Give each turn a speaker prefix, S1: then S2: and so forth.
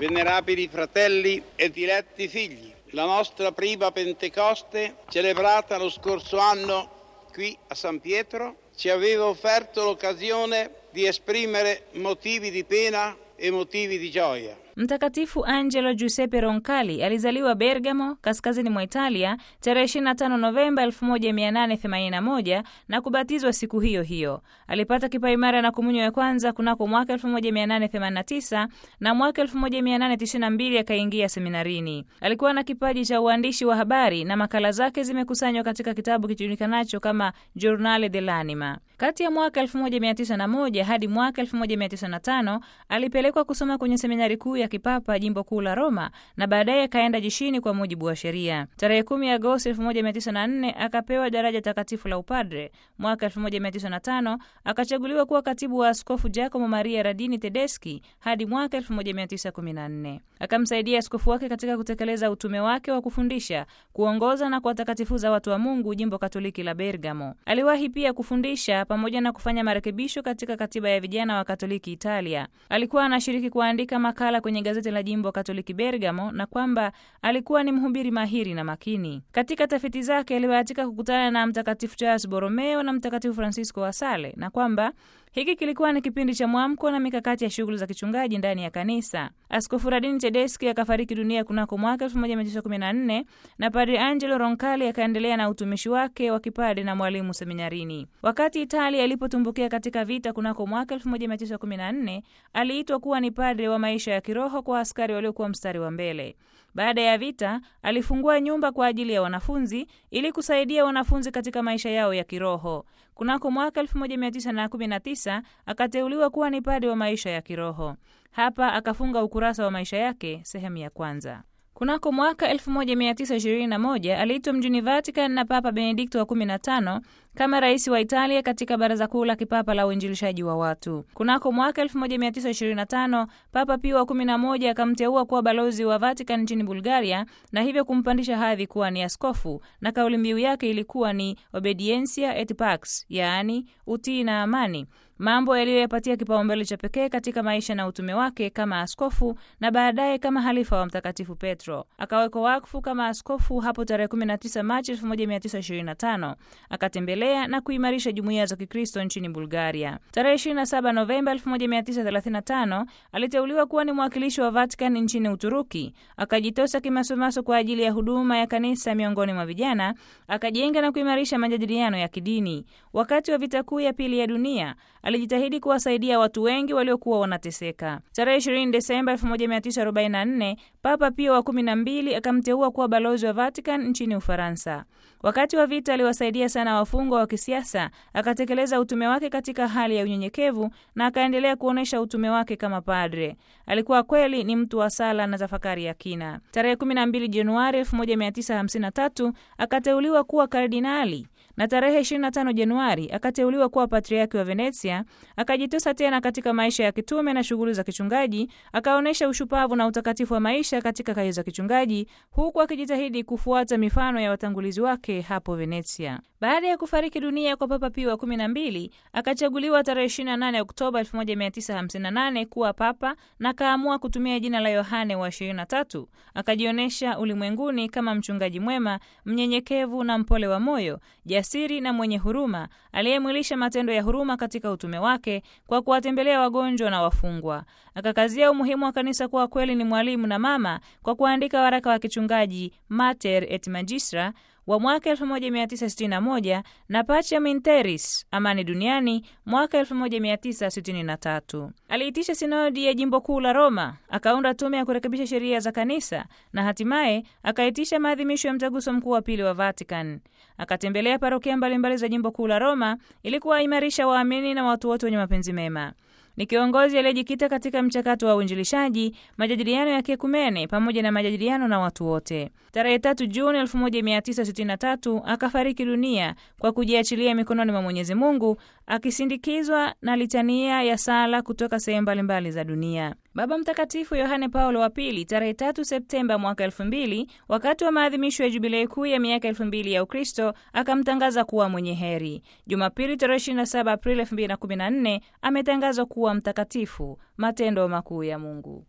S1: Venerabili fratelli e diletti figli, la nostra prima Pentecoste, celebrata lo scorso anno qui a San Pietro, ci aveva offerto l'occasione di esprimere motivi di pena e motivi di gioia. Mtakatifu Angelo Giuseppe Roncalli alizaliwa Bergamo, kaskazini mwa Italia tarehe 25 Novemba 1881 na kubatizwa siku hiyo hiyo. Alipata kipaimara na kumunywa ya kwanza kunako mwaka 1889 na mwaka 1892 akaingia seminarini. Alikuwa na kipaji cha uandishi wa habari na makala zake zimekusanywa katika kitabu kijulikanacho kama Giornale dell'Anima. Kati ya mwaka 1901 hadi mwaka 1905 alipelekwa kusoma kwenye seminari kuu ya kipapa jimbo kuu la Roma na baadaye akaenda jeshini kwa mujibu wa sheria. Tarehe 10 Agosti 1904 akapewa daraja takatifu la upadre. Mwaka 1905 akachaguliwa kuwa katibu wa Askofu Giacomo Maria Radini Tedeschi hadi mwaka 1914. Akamsaidia askofu wake katika kutekeleza utume wake wa kufundisha, kuongoza na kuwatakatifuza watu wa Mungu jimbo Katoliki la Bergamo. Aliwahi pia kufundisha pamoja na kufanya marekebisho katika katiba ya vijana wa Katoliki Italia. Alikuwa anashiriki kuandika makala kwenye gazeti la jimbo Katoliki Bergamo na kwamba alikuwa ni mhubiri mahiri na makini. Katika tafiti zake alibahatika kukutana na Mtakatifu Charles Borromeo na Mtakatifu Francisco wa Sale na kwamba hiki kilikuwa ni kipindi cha mwamko na mikakati ya shughuli za kichungaji ndani ya kanisa. Askofu Radini Tedeski akafariki dunia kunako mwaka 1914 na Padri Angelo Roncalli akaendelea na utumishi wake wa kipade na mwalimu seminarini. Wakati Italia ilipotumbukia katika vita kunako mwaka 1914, aliitwa kuwa ni padre wa maisha ya kiroho kwa askari waliokuwa mstari wa mbele. Baada ya vita, alifungua nyumba kwa ajili ya wanafunzi ili kusaidia wanafunzi katika maisha yao ya kiroho. Kunako mwaka 1919 akateuliwa kuwa ni padi wa maisha ya kiroho. Hapa akafunga ukurasa wa maisha yake, sehemu ya kwanza. Kunako mwaka 1921 aliitwa mjini Vatican na Papa Benedikto wa 15 kama rais wa Italia katika Baraza Kuu la Kipapa la Uinjilishaji wa Watu. Kunako mwaka 1925 Papa Pio wa 11 akamteua kuwa balozi wa Vatican nchini Bulgaria na hivyo kumpandisha hadhi kuwa ni askofu, na kauli mbiu yake ilikuwa ni obediencia et pax, yaani utii na amani mambo yaliyoyapatia kipaumbele cha pekee katika maisha na utume wake kama askofu na baadaye kama halifa wa Mtakatifu Petro. Akawekwa wakfu kama askofu hapo tarehe 19 Machi 1925 akatembelea kuendelea na kuimarisha jumuiya za Kikristo nchini Bulgaria. Tarehe 27 Novemba 1935 aliteuliwa kuwa ni mwakilishi wa Vatican nchini Uturuki, akajitosa kimasomaso kwa ajili ya huduma ya kanisa miongoni mwa vijana, akajenga na kuimarisha majadiliano ya kidini. Wakati wa vita kuu ya pili ya dunia alijitahidi kuwasaidia watu wengi waliokuwa wanateseka. Tarehe 20 Desemba 1944 Papa Pio wa 12 akamteua kuwa balozi wa Vatican nchini Ufaransa. Wakati wa vita aliwasaidia sana wafungwa mrengo wa kisiasa, akatekeleza utume wake katika hali ya unyenyekevu na akaendelea kuonyesha utume wake kama padre. Alikuwa kweli ni mtu wa sala na tafakari ya kina. Tarehe 12 Januari 1953 akateuliwa kuwa kardinali na tarehe 25 Januari akateuliwa kuwa patriaki wa Venetia. Akajitosa tena katika maisha ya kitume na shughuli za kichungaji, akaonyesha ushupavu na utakatifu wa maisha katika kazi za kichungaji, huku akijitahidi kufuata mifano ya watangulizi wake hapo Venetia. Baada ya kufariki dunia kwa Papa Pio wa 12, akachaguliwa tarehe 28 Oktoba 1958 kuwa papa na akaamua kutumia jina la Yohane wa 23. Akajionyesha ulimwenguni kama mchungaji mwema, mnyenyekevu na mpole wa moyo, jasiri na mwenye huruma, aliyemwilisha matendo ya huruma katika utume wake kwa kuwatembelea wagonjwa na wafungwa. Akakazia umuhimu wa kanisa kuwa kweli ni mwalimu na mama kwa kuandika waraka wa kichungaji Mater et Magistra wa mwaka 1961 na Pacha minteris Amani Duniani, mwaka 1963. Aliitisha sinodi ya jimbo kuu la Roma, akaunda tume ya kurekebisha sheria za kanisa na hatimaye akaitisha maadhimisho ya mtaguso mkuu wa pili wa Vatican. Akatembelea parokia mbalimbali za jimbo kuu la Roma ili kuwaimarisha waamini na watu wote wenye mapenzi mema. Ni kiongozi aliyejikita katika mchakato wa uinjilishaji, majadiliano ya kiekumene pamoja na majadiliano na watu wote. Tarehe 3 Juni 1963 akafariki dunia kwa kujiachilia mikononi mwa Mwenyezi Mungu, akisindikizwa na litania ya sala kutoka sehemu mbalimbali za dunia. Baba Mtakatifu Yohane Paulo wa Pili tarehe 3 Septemba mwaka 2000 wakati wa maadhimisho ya jubilei kuu ya miaka 2000 ya Ukristo akamtangaza kuwa mwenye heri. Jumapili tarehe 27 Aprili 2014 ametangazwa kuwa mtakatifu. Matendo makuu ya Mungu.